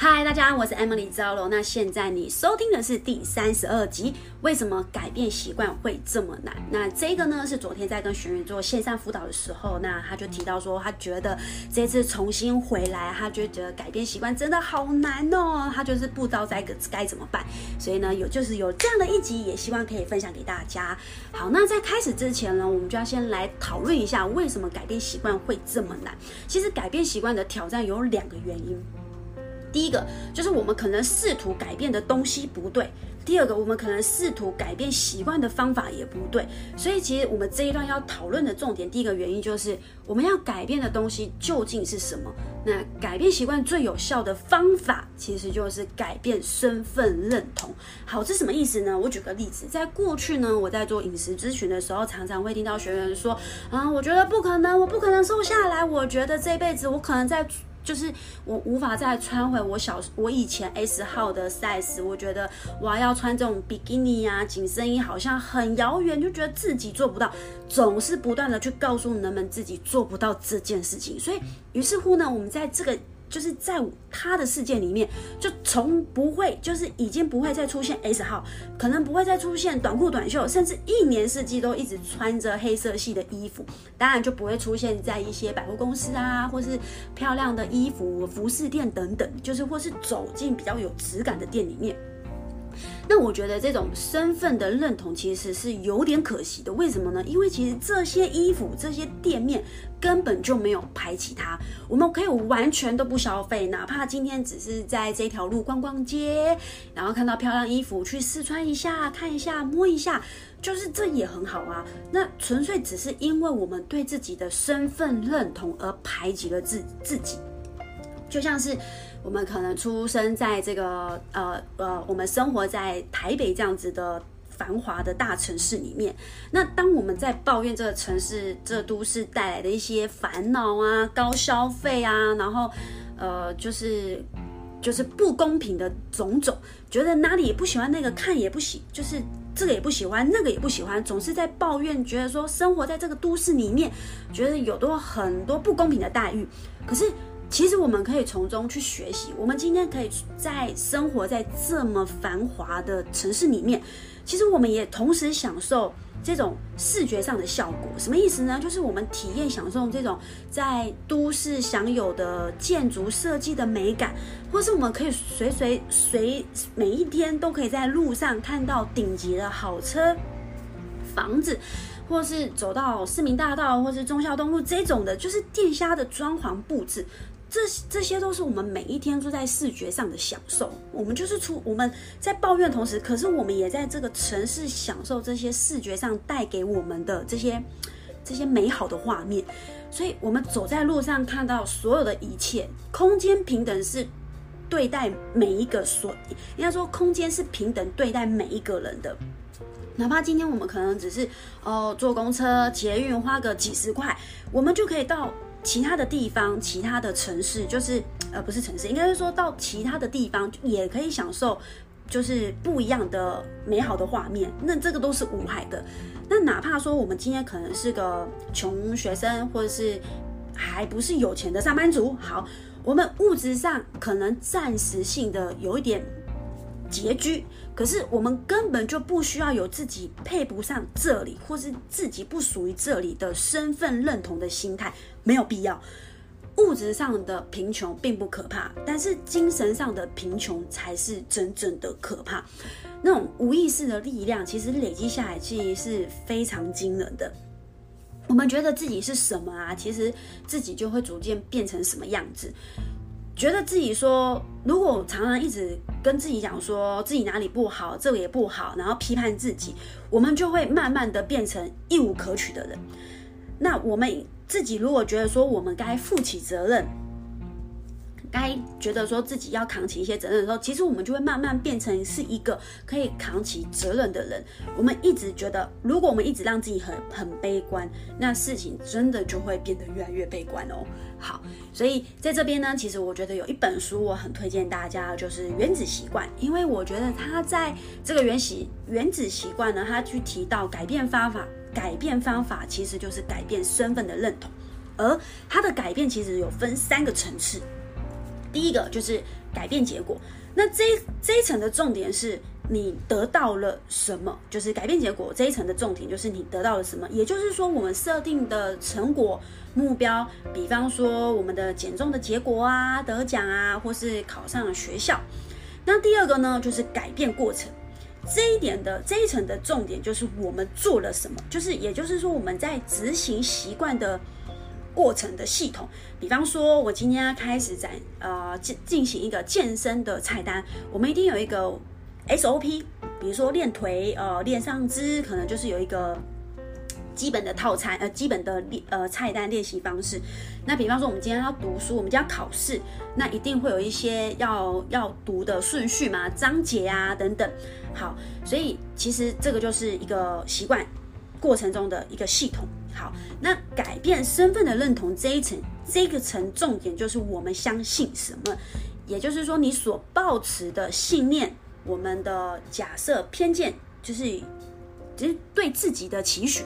嗨，大家，我是 Emily Zolo。那現在你收聽的是第三十二集，為什麼改變習慣會這麼難？那這個呢，是昨天在跟學員做線上輔導的時候，那他就提到說，他覺得這次重新回來，他就覺得改變習慣真的好難哦，他就是不知道該該該怎麼辦。所以呢，有就是有這樣的一集，也希望可以分享給大家。好，那在開始之前呢，我們就要先來討論一下為什麼改變習慣會這麼難。其實改變習慣的挑戰有兩個原因。第一個就是我們可能試圖改變的東西不對，第二個我們可能試圖改變習慣的方法也不對，所以其實我們這一段要討論的重點，第一個原因就是我們要改變的東西究竟是什麼？那改變習慣最有效的方法，其實就是改變身份認同。好，這什麼意思呢？我舉個例子，在過去呢，我在做飲食諮詢的時候，常常會聽到學員說，啊、嗯，我覺得不可能，我不可能瘦下來，我覺得這一輩子我可能在。就是我無法再穿回我小我以前 S 號的 size，我覺得我要穿這種比基尼啊緊身衣，好像很遙遠，就覺得自己做不到，總是不斷的去告訴人們自己做不到這件事情，所以於是乎呢，我們在這個。就是在他的世界裡面，就從不會，就是已經不會再出現 S 號，可能不會再出現短褲、短袖，甚至一年四季都一直穿着黑色系的衣服，當然就不會出現在一些百貨公司啊，或是漂亮的衣服服飾店等等，就是或是走進比較有質感的店裡面。那我覺得這種身份的認同其實是有點可惜的，為什麼呢？因為其實這些衣服、這些店面根本就沒有排擠它。我們可以完全都不消費，哪怕今天只是在這條路逛逛街，然後看到漂亮衣服去試穿一下、看一下、摸一下，就是這也很好啊。那純粹只是因為我們對自己的身份認同而排擠了自自己，就像是。我們可能出生在這個呃呃，我們生活在台北這樣子的繁華的大城市裡面。那當我們在抱怨這個城市、這個、都市帶來的一些煩惱啊、高消費啊，然後呃，就是就是不公平的種種，覺得哪裡也不喜歡那個，看也不喜，就是這個也不喜歡，那個也不喜歡，總是在抱怨，覺得說生活在這個都市裡面，覺得有多很多不公平的待遇，可是。其實我們可以從中去學習。我們今天可以在生活在這麼繁華的城市裡面，其實我們也同時享受這種視覺上的效果。什麼意思呢？就是我們體驗、享受這種在都市享有的建築設計的美感，或是我們可以隨隨隨每一天都可以在路上看到頂級的好車、房子，或是走到市民大道，或是忠孝東路這種的，就是店家的裝潢布置。這這些都是我們每一天都在視覺上的享受。我們就是出我們在抱怨同時，可是我們也在這個城市享受這些視覺上帶給我們的這些這些美好的畫面。所以，我們走在路上看到所有的一切，空間平等是對待每一個所應該說，空間是平等對待每一個人的。哪怕今天我們可能只是哦坐公車、捷運，花個幾十塊，我們就可以到其他的地方，其他的城市，就是呃，不是城市，應該是說，到其他的地方，也可以享受，就是不一樣的美好的畫面。那這個都是無害的。那哪怕說我們今天可能是個窮學生，或者是還不是有錢的上班族，好，我們物質上可能暫時性的有一點。拮據，可是我們根本就不需要有自己配不上這裡，或是自己不屬於這裡的身份認同的心態，沒有必要。物質上的貧窮並不可怕，但是精神上的貧窮才是真正的可怕。那種無意識的力量，其實累積下來其實是非常驚人的。我們覺得自己是什麼啊？其實自己就會逐漸變成什麼樣子。覺得自己說，如果常常一直跟自己講說自己哪裡不好，這個也不好，然後批判自己，我們就會慢慢的變成一無可取的人。那我們自己如果覺得說我們該負起責任。該覺得說自己要扛起一些責任的時候，其實我們就會慢慢變成是一個可以扛起責任的人。我們一直覺得，如果我們一直讓自己很很悲觀，那事情真的就會變得越來越悲觀哦。好，所以在這邊呢，其實我覺得有一本書我很推薦大家，就是《原子習慣》，因為我覺得它在這個原習《原子原子習慣》呢，它去提到改變方法，改變方法其實就是改變身份的認同，而它的改變其實有分三個層次。第一個就是改變結果，那這一這一層的重點是你得到了什麼，就是改變結果這一層的重點就是你得到了什麼，也就是說我們設定的成果目標，比方說我們的減重的結果啊、得獎啊，或是考上了學校。那第二個呢，就是改變過程，這一點的這一層的重點就是我們做了什麼，就是也就是說我們在執行習慣的過程的系統，比方說，我今天要開始展呃進進行一個健身的菜單，我們一定有一個 SOP，比如說練腿，呃，練上肢，可能就是有一個基本的套餐，呃，基本的練呃菜單練習方式。那比方說，我們今天要讀書，我們今天要考試，那一定會有一些要要讀的順序嘛，章節啊等等。好，所以其實這個就是一個習慣過程中的一個系統。好，那改變身份的認同這一層，這個層重點就是我們相信什麼，也就是說你所抱持的信念、我們的假設、偏見，就是其實、就是、對自己的期許，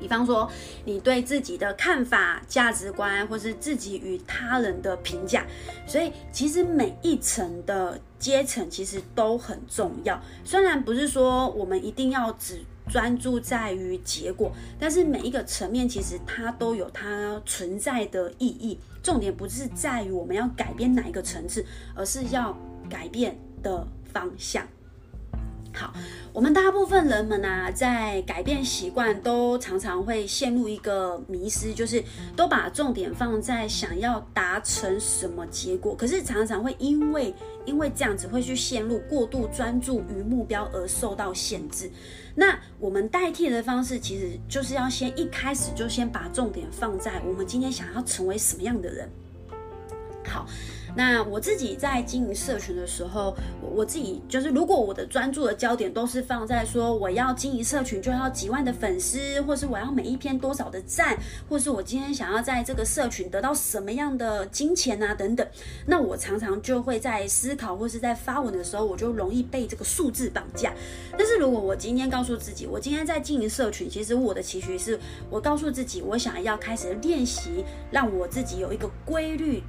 比方說你對自己的看法、價值觀，或是自己與他人的評價，所以其實每一層的階層其實都很重要，雖然不是說我們一定要只。專注在於結果，但是每一個層面其實它都有它存在的意義。重點不是在於我們要改變哪一個層次，而是要改變的方向。好，我們大部分人們啊在改變習慣都常常會陷入一個迷思，就是都把重點放在想要達成什麼結果，可是常常會因為因為這樣子會去陷入過度專注於目標而受到限制。那我們代替的方式，其實就是要先一開始就先把重點放在我們今天想要成為什麼樣的人。好，那我自己在經營社群的時候，我自己就是如果我的專注的焦點都是放在說，我要經營社群就要幾萬的粉絲，或是我要每一篇多少的讚，或是我今天想要在這個社群得到什麼樣的金錢啊等等，那我常常就會在思考或是在發文的時候，我就容易被這個數字綁架。但是如果我今天告訴自己，我今天在經營社群，其實我的期許是，我告訴自己我想要開始練習，讓我自己有一個規律。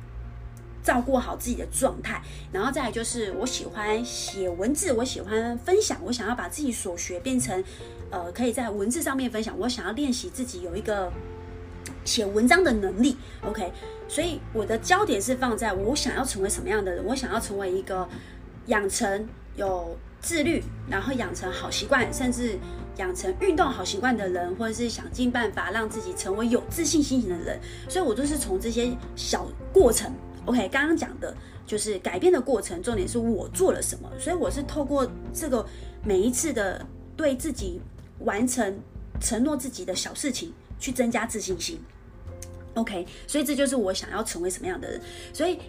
照顧好自己的狀態，然後再來就是我喜歡寫文字，我喜歡分享，我想要把自己所學變成，呃，可以在文字上面分享。我想要練習自己有一個寫文章的能力。OK，所以我的焦點是放在我想要成為什麼樣的人，我想要成為一個養成有自律，然後養成好習慣，甚至養成運動好習慣的人，或者是想盡辦法讓自己成為有自信心型的人。所以我都是從這些小過程。OK，剛剛講的就是改變的過程，重點是我做了什麼，所以我是透過這個每一次的對自己完成承諾自己的小事情，去增加自信心。OK，所以這就是我想要成為什麼樣的人。所以，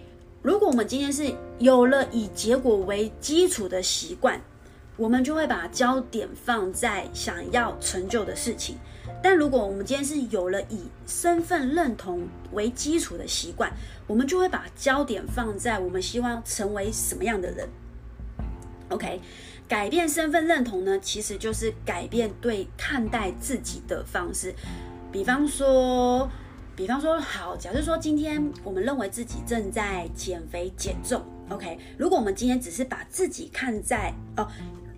如果我們今天是有了以結果為基礎的習慣。我們就會把焦點放在想要成就的事情，但如果我們今天是有了以身份認同為基礎的習慣，我們就會把焦點放在我們希望成為什麼樣的人。OK，改變身份認同呢，其實就是改變對看待自己的方式。比方說，比方說，好，假設說今天我們認為自己正在減肥減重，OK，如果我們今天只是把自己看在哦。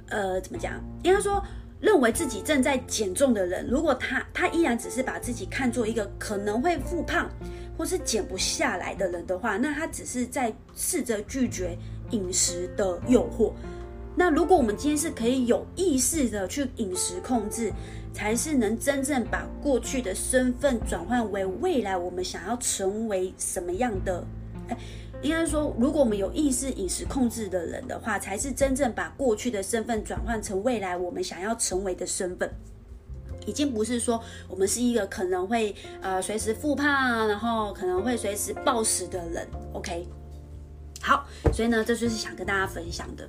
呃，怎麼講？應該說，認為自己正在減重的人，如果他他依然只是把自己看作一個可能會復胖，或是減不下來的人的話，那他只是在試着拒絕飲食的誘惑。那如果我們今天是可以有意識的去飲食控制，才是能真正把過去的身份轉換為未來我們想要成為什麼樣的？誒應該說，如果我們有意識飲食控制的人的話，才是真正把過去的身份轉換成未來我們想要成為的身份。已經不是說我們是一個可能會呃隨時復胖，然後可能會隨時暴食的人。OK，好，所以呢，這就是想跟大家分享的。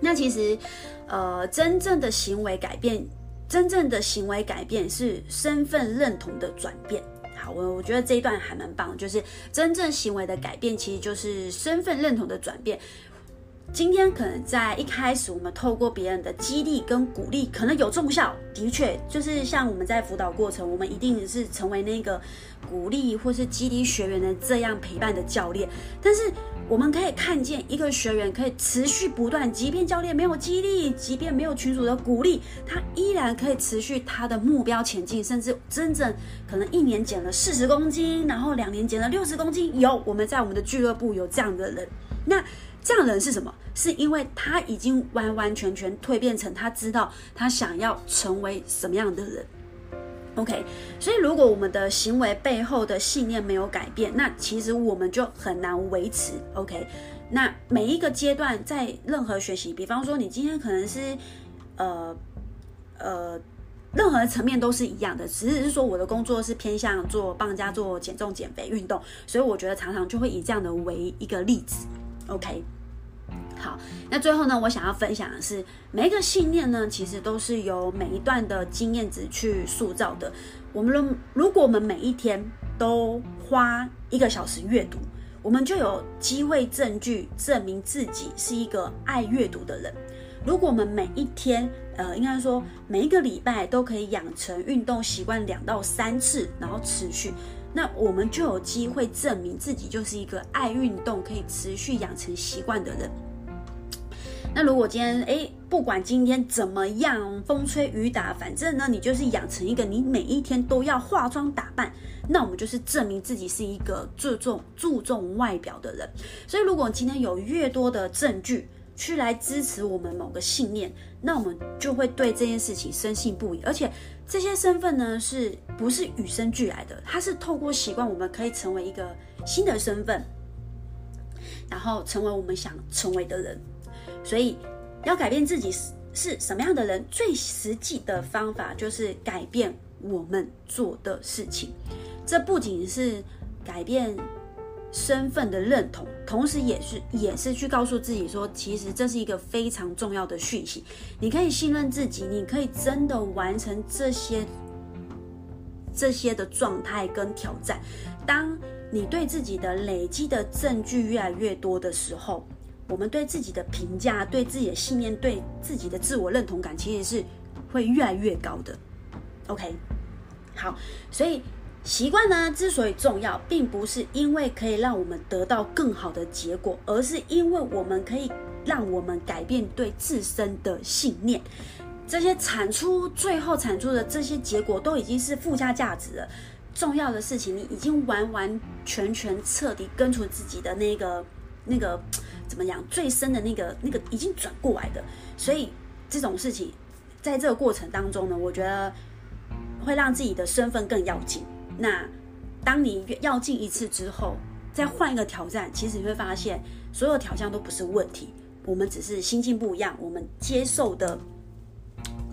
那其實，呃，真正的行為改變，真正的行為改變是身份認同的轉變。好，我我覺得這一段還蠻棒，就是真正行為的改變，其實就是身份認同的轉變。今天可能在一開始，我們透過別人的激勵跟鼓勵，可能有重效。的確，就是像我們在輔導過程，我們一定是成為那個鼓勵或是激勵學員的這樣陪伴的教練。但是，我們可以看見一個學員可以持續不斷，即便教練沒有激勵，即便沒有群主的鼓勵，他依然可以持續他的目標前進，甚至真正可能一年減了四十公斤，然後兩年減了六十公斤。有我們在我們的俱樂部有這樣的人，那。這樣的人是什麼？是因為他已經完完全全蛻變成，他知道他想要成為什麼樣的人。OK，所以如果我們的行為背後的信念沒有改變，那其實我們就很難維持。OK，那每一個階段在任何學習，比方說你今天可能是呃呃，任何層面都是一樣的，只是說我的工作是偏向做幫人家做減重、減肥、運動，所以我覺得常常就會以這樣的為一個例子。OK。好，那最後呢，我想要分享的是，每一個信念呢，其實都是由每一段的經驗值去塑造的。我們如果我們每一天都花一個小時閱讀，我們就有機會證據證明自己是一個愛閱讀的人。如果我們每一天，呃，應該說每一個禮拜都可以養成運動習慣兩到三次，然後持續，那我們就有機會證明自己就是一個愛運動、可以持續養成習慣的人。那如果今天，誒，不管今天怎麼樣，風吹雨打，反正呢，你就是養成一個你每一天都要化妝打扮，那我們就是證明自己是一個注重注重外表的人。所以，如果今天有越多的證據去來支持我們某個信念，那我們就會對這件事情深信不疑。而且，這些身份呢，是不是與生俱來的？它是透過習慣，我們可以成為一個新的身份，然後成為我們想成為的人。所以，要改變自己是是什麼樣的人，最實際的方法就是改變我們做的事情。這不僅是改變身份的認同，同時也是也是去告訴自己說，其實這是一個非常重要的訊息。你可以信任自己，你可以真的完成這些這些的狀態跟挑戰。當你對自己的累積的證據越來越多的時候，我們對自己的評價、對自己的信念、對自己的自我認同感，其實是會越來越高的。OK，好，所以習慣呢，之所以重要，並不是因為可以讓我們得到更好的結果，而是因為我們可以讓我們改變對自身的信念。這些產出，最後產出的這些結果，都已經是附加價值了。重要的事情，你已經完完全全徹底根除自己的那個。那個，怎麼講，最深的那個，那個已經轉過來的，所以這種事情，在這個過程當中呢，我覺得會讓自己的身份更要緊。那當你要進一次之後，再換一個挑戰，其實你會發現，所有挑戰都不是問題。我們只是心境不一樣，我們接受的，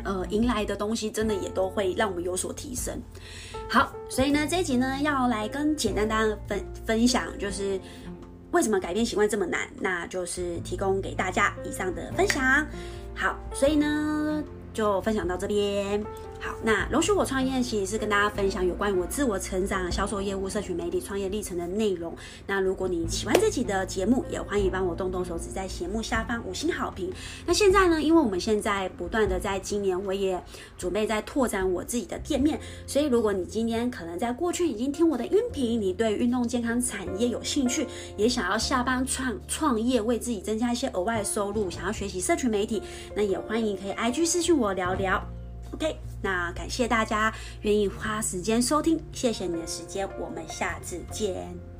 呃，迎來的東西，真的也都會讓我們有所提升。好，所以呢，這一集呢，要來跟簡單大家分分享，就是。為什麼改變習慣這麼難？那就是提供給大家以上的分享。好，所以呢，就分享到這邊。好，那容許我創業其實是跟大家分享有關於我自我成長、銷售業務、社群媒體創業歷程的內容。那如果你喜歡這期的節目，也歡迎幫我動動手指，在節目下方五星好評。那現在呢，因為我們現在不斷的在今年，我也準備在拓展我自己的店面，所以如果你今天可能在過去已經聽我的音頻，你對運動健康產業有興趣，也想要下班創創業，為自己增加一些額外的收入，想要學習社群媒體，那也歡迎可以 IG 私信我聊聊。OK。那感謝大家願意花時間收聽，謝謝你的時間，我們下次見。